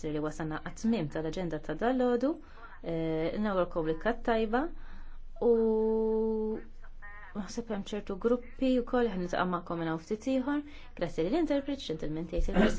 Sir li wasanna għatmim tal-agenda ta' dal-ħodu, eh, nawalkom li tajba u Naħseb hemm ċertu gruppi wkoll ħin nitqammakom minn ftit ieħor, grazzi lill-interpret, x'intilment jgħid